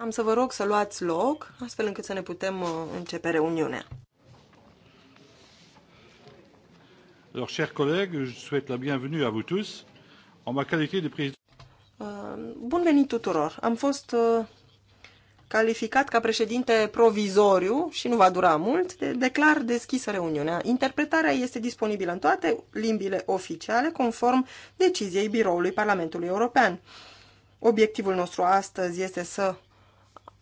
Am să vă rog să luați loc, astfel încât să ne putem uh, începe reuniunea. Alors, chers collègues, je souhaite la bienvenue à vous tous. En ma qualité de président... Uh, bun venit tuturor! Am fost uh, calificat ca președinte provizoriu și nu va dura mult, de, declar deschisă reuniunea. Interpretarea este disponibilă în toate limbile oficiale, conform deciziei Biroului Parlamentului European. Obiectivul nostru astăzi este să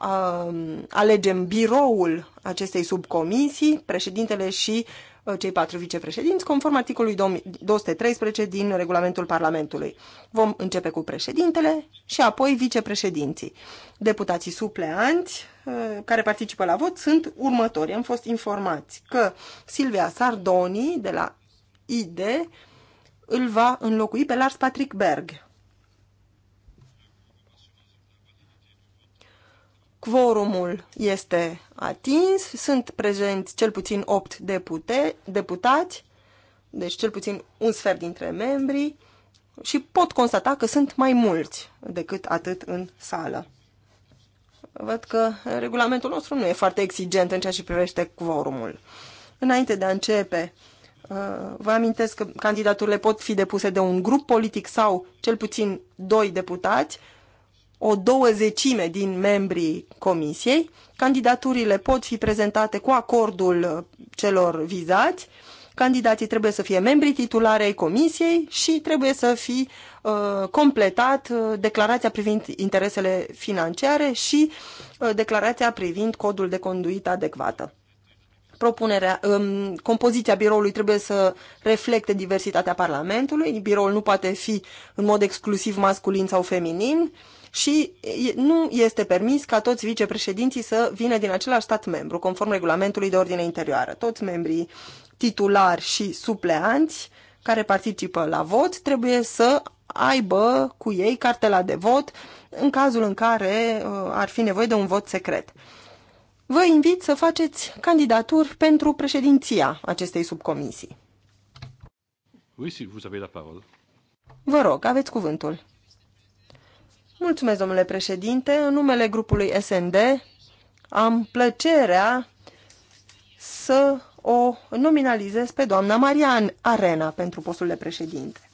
Um, alegem biroul acestei subcomisii, președintele și uh, cei patru vicepreședinți, conform articolului 213 din regulamentul Parlamentului. Vom începe cu președintele și apoi vicepreședinții. Deputații supleanți uh, care participă la vot sunt următori. Am fost informați că Silvia Sardoni de la ID îl va înlocui pe Lars Patrick Berg. Quorumul este atins, sunt prezenți cel puțin 8 depute, deputați, deci cel puțin un sfert dintre membrii și pot constata că sunt mai mulți decât atât în sală. Văd că regulamentul nostru nu e foarte exigent în ceea ce privește quorumul. Înainte de a începe, uh, vă amintesc că candidaturile pot fi depuse de un grup politic sau cel puțin doi deputați o douăzecime din membrii comisiei. Candidaturile pot fi prezentate cu acordul uh, celor vizați. Candidații trebuie să fie membri titulari ai comisiei și trebuie să fi uh, completat uh, declarația privind interesele financiare și uh, declarația privind codul de conduită adecvată propunerea, um, compoziția biroului trebuie să reflecte diversitatea Parlamentului. Biroul nu poate fi în mod exclusiv masculin sau feminin și nu este permis ca toți vicepreședinții să vină din același stat membru, conform regulamentului de ordine interioară. Toți membrii titulari și supleanți care participă la vot trebuie să aibă cu ei cartela de vot în cazul în care uh, ar fi nevoie de un vot secret. Vă invit să faceți candidaturi pentru președinția acestei subcomisii. Oui, si vous avez la parole. Vă rog, aveți cuvântul. Mulțumesc, domnule președinte. În numele grupului SND am plăcerea să o nominalizez pe doamna Marian Arena pentru postul de președinte.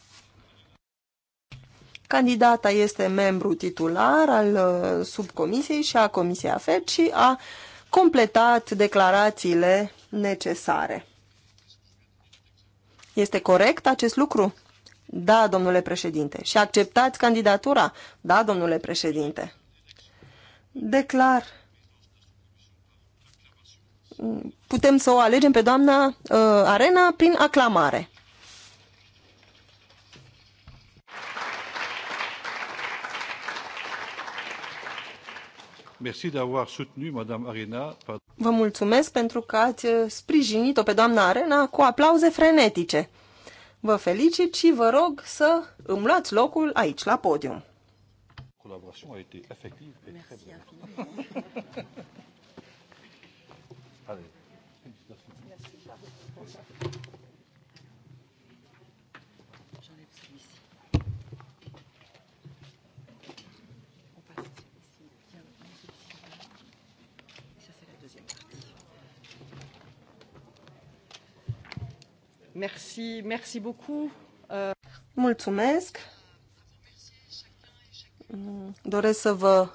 Candidata este membru titular al uh, subcomisiei și a Comisiei AFET și a completat declarațiile necesare. Este corect acest lucru? Da, domnule președinte. Și acceptați candidatura? Da, domnule președinte. Declar. Putem să o alegem pe doamna uh, Arena prin aclamare. Vă mulțumesc pentru că ați uh, sprijinit-o pe doamna Arena cu aplauze frenetice. Vă felicit și vă rog să îmi luați locul aici, la podium. Merci, merci beaucoup. Euh, mulțumesc. Doresc să vă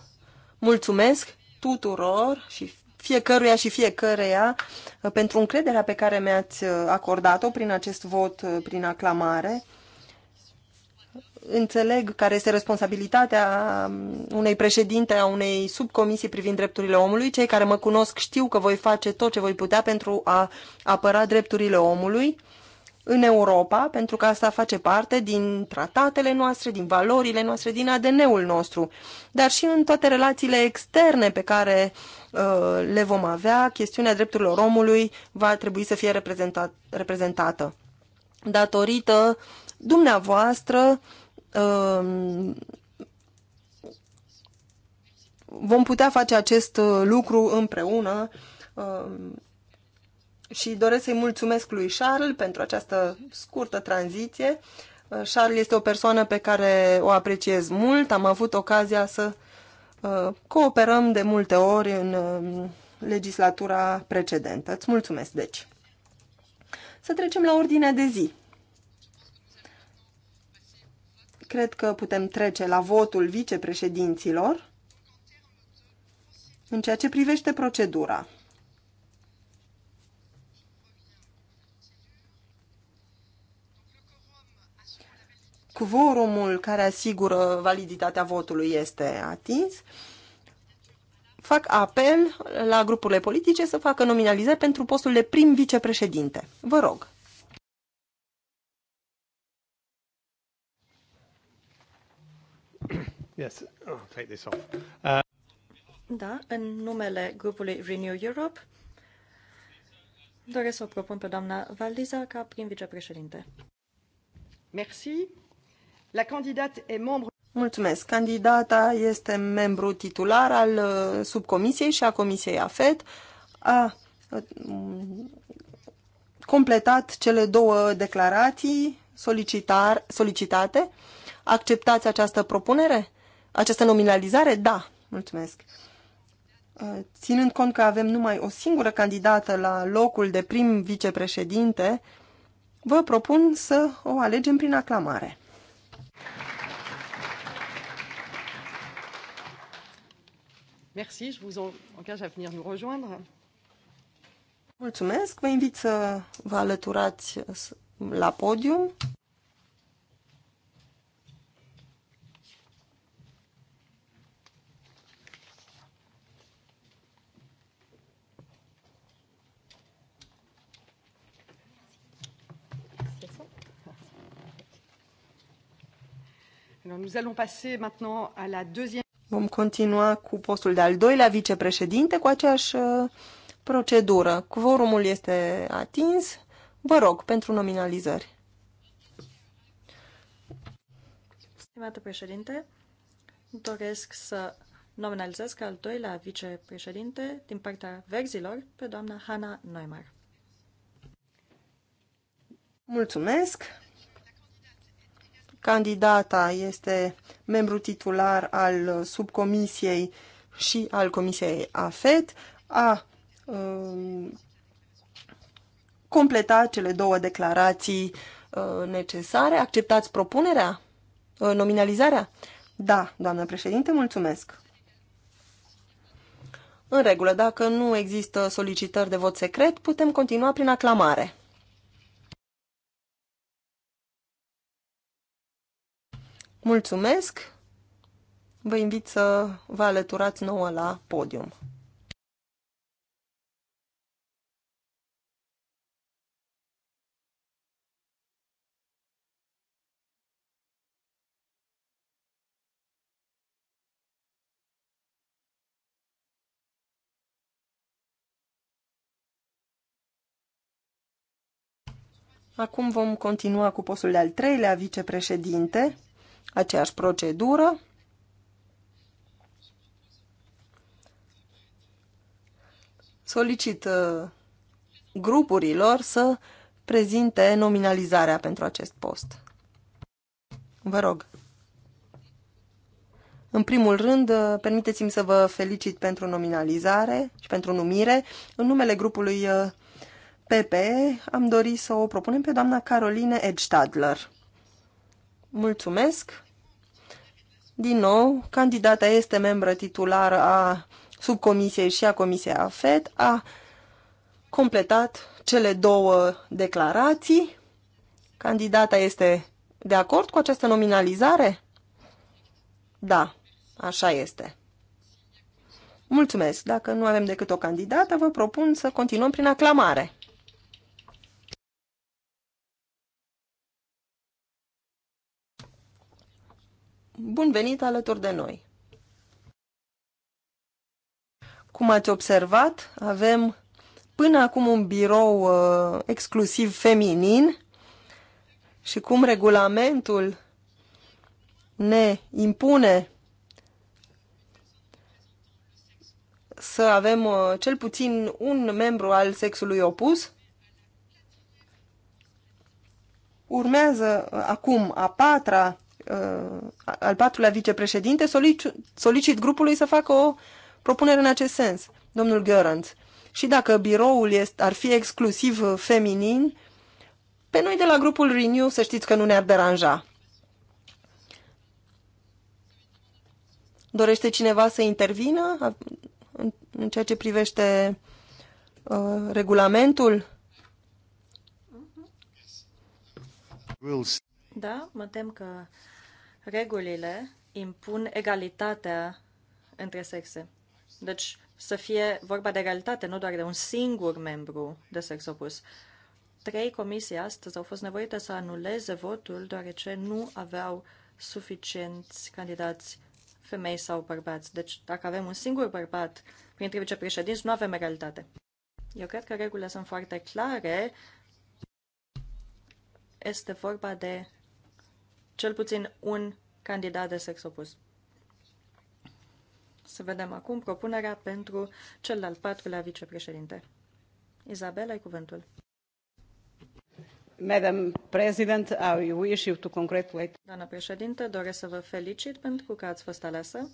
mulțumesc tuturor și fiecăruia și fiecăreia uh, pentru încrederea pe care mi-ați uh, acordat-o prin acest vot, uh, prin aclamare. Înțeleg care este responsabilitatea um, unei președinte a unei subcomisii privind drepturile omului. Cei care mă cunosc știu că voi face tot ce voi putea pentru a apăra drepturile omului în Europa, pentru că asta face parte din tratatele noastre, din valorile noastre, din ADN-ul nostru, dar și în toate relațiile externe pe care uh, le vom avea, chestiunea drepturilor omului va trebui să fie reprezentat, reprezentată. Datorită dumneavoastră, uh, vom putea face acest uh, lucru împreună uh, și doresc să-i mulțumesc lui Charles pentru această scurtă tranziție. Uh, Charles este o persoană pe care o apreciez mult. Am avut ocazia să uh, cooperăm de multe ori în um, legislatura precedentă. Îți mulțumesc, deci. Să trecem la ordinea de zi. Cred că putem trece la votul vicepreședinților în ceea ce privește procedura. quorumul care asigură validitatea votului este atins, fac apel la grupurile politice să facă nominalizări pentru postul de prim vicepreședinte. Vă rog. Yes, I'll oh, take this off. Uh... Da, în numele grupului Renew Europe, doresc să o propun pe doamna Valiza ca prim vicepreședinte. Merci. La candidate est membre Mulțumesc. Candidata este membru titular al uh, subcomisiei și a Comisiei AFET. A uh, completat cele două declarații solicitar, solicitate. Acceptați această propunere? Această nominalizare? Da. Mulțumesc. Uh, ținând cont că avem numai o singură candidată la locul de prim vicepreședinte, vă propun să o alegem prin aclamare. Merci, je vous engage à venir nous rejoindre. Mulțumesc, vă invit să vă alăturați la podium. Vom continua cu postul de al doilea vicepreședinte cu aceeași uh, procedură. Quorumul este atins. Vă rog, pentru nominalizări. Stimată președinte, doresc să nominalizez ca al doilea vicepreședinte din partea verzilor pe doamna Hanna Neumar. Mulțumesc! Candidata este membru titular al subcomisiei și al comisiei AFET. A um, completat cele două declarații uh, necesare. Acceptați propunerea? Uh, nominalizarea? Da, doamnă președinte, mulțumesc. În regulă, dacă nu există solicitări de vot secret, putem continua prin aclamare. Mulțumesc! Vă invit să vă alăturați nouă la podium. Acum vom continua cu postul de al treilea vicepreședinte aceeași procedură. Solicit uh, grupurilor să prezinte nominalizarea pentru acest post. Vă rog. În primul rând, uh, permiteți-mi să vă felicit pentru nominalizare și pentru numire. În numele grupului PP uh, am dorit să o propunem pe doamna Caroline Edstadler. Mulțumesc. Din nou, candidata este membră titulară a subcomisiei și a comisiei AFET. A completat cele două declarații. Candidata este de acord cu această nominalizare? Da, așa este. Mulțumesc. Dacă nu avem decât o candidată, vă propun să continuăm prin aclamare. Bun venit alături de noi! Cum ați observat, avem până acum un birou uh, exclusiv feminin și cum regulamentul ne impune să avem uh, cel puțin un membru al sexului opus. Urmează uh, acum a patra Uh, al patrulea vicepreședinte, solicit, solicit grupului să facă o propunere în acest sens, domnul Görans. Și dacă biroul este, ar fi exclusiv uh, feminin, pe noi de la grupul Renew să știți că nu ne-ar deranja. Dorește cineva să intervină în ceea ce privește uh, regulamentul? Da, mă tem că Regulile impun egalitatea între sexe. Deci să fie vorba de egalitate, nu doar de un singur membru de sex opus. Trei comisii astăzi au fost nevoite să anuleze votul deoarece nu aveau suficienți candidați femei sau bărbați. Deci dacă avem un singur bărbat printre vicepreședinți, nu avem egalitate. Eu cred că regulile sunt foarte clare. Este vorba de cel puțin un candidat de sex opus. Să vedem acum propunerea pentru cel de-al patrulea vicepreședinte. Isabela, ai cuvântul. Madam President, I wish you to congratulate. Doamna președinte, doresc să vă felicit pentru că ați fost aleasă.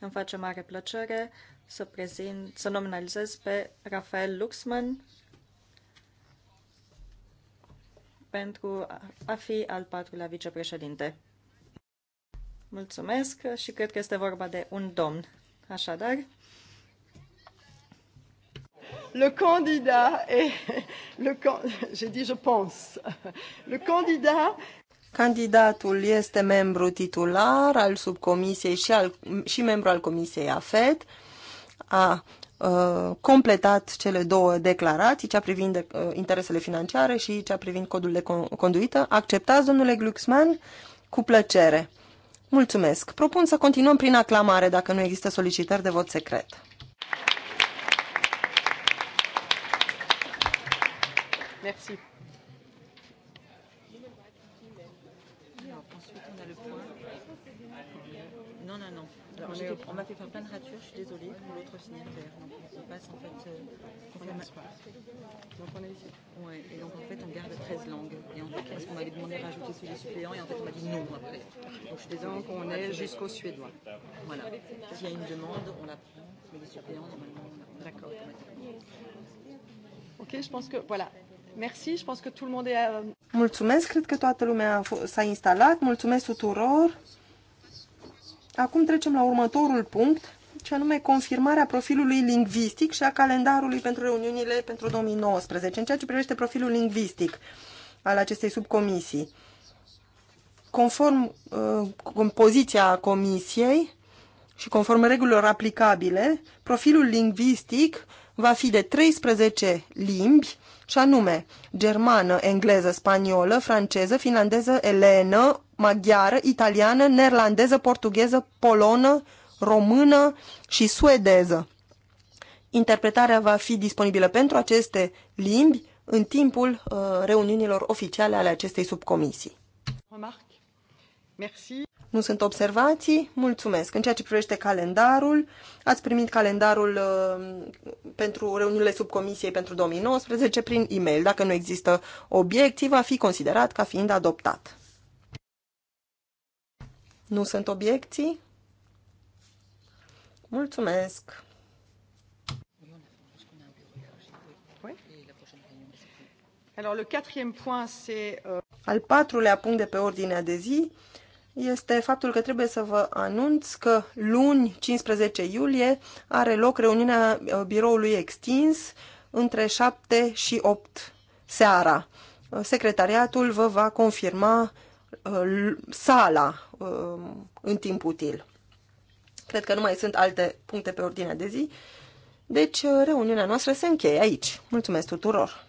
Îmi face mare plăcere să, prezint, să nominalizez pe Rafael Luxman pentru a fi al patrulea vicepreședinte. Mulțumesc și cred că este vorba de un domn. Așadar, le candidat est le can... j'ai dit je pense. Le candidat Candidatul este membru titular al subcomisiei și, al, și membru al Comisiei AFET. A Uh, completat cele două declarații, cea privind de, uh, interesele financiare și cea privind codul de con- conduită. Acceptați, domnule Glucksmann? Cu plăcere. Mulțumesc. Propun să continuăm prin aclamare dacă nu există solicitări de vot secret. Merci. non, non. Alors, on m'a fait faire plein de ratures, je suis désolée, pour l'autre signataire. Donc, on passe en fait. Euh, on ma... Donc, on est ici. Ouais, et donc en fait, on garde 13 langues. Et en fait, parce qu'on m'avait demandé de rajouter celui suppléant, et en fait, on m'a dit non après. Donc, je suis désolée. Donc, on est jusqu'au suédois. Voilà. S'il y a une demande, on la prend, mais les suppléants, normalement, on D'accord. Ok, je pense que. Voilà. Merci, je pense que tout le monde est. Euh, Mulțumesc, cred că toată lumea s-a instalat. Mulțumesc tuturor. Acum trecem la următorul punct, ce anume confirmarea profilului lingvistic și a calendarului pentru reuniunile pentru 2019, în ceea ce privește profilul lingvistic al acestei subcomisii. Conform uh, compoziția comisiei și conform regulilor aplicabile, profilul lingvistic uh, va fi de 13 limbi, și anume germană, engleză, spaniolă, franceză, finlandeză, elenă, maghiară, italiană, neerlandeză, portugheză, polonă, română și suedeză. Interpretarea va fi disponibilă pentru aceste limbi în timpul uh, reuniunilor oficiale ale acestei subcomisii. Remarc. Merci. Nu sunt observații? Mulțumesc. În ceea ce privește calendarul, ați primit calendarul uh, pentru reuniunile subcomisiei pentru 2019 prin e-mail. Dacă nu există obiecții, va fi considerat ca fiind adoptat. Nu sunt obiecții? Mulțumesc. Alors, le quatrième point, c'est... Euh, Al patrulea punct de pe ordinea de zi este faptul că trebuie să vă anunț că luni, 15 iulie, are loc reuniunea uh, biroului extins între 7 și 8 seara. Uh, secretariatul vă va confirma uh, sala în timp util. Cred că nu mai sunt alte puncte pe ordinea de zi. Deci, reuniunea noastră se încheie aici. Mulțumesc tuturor!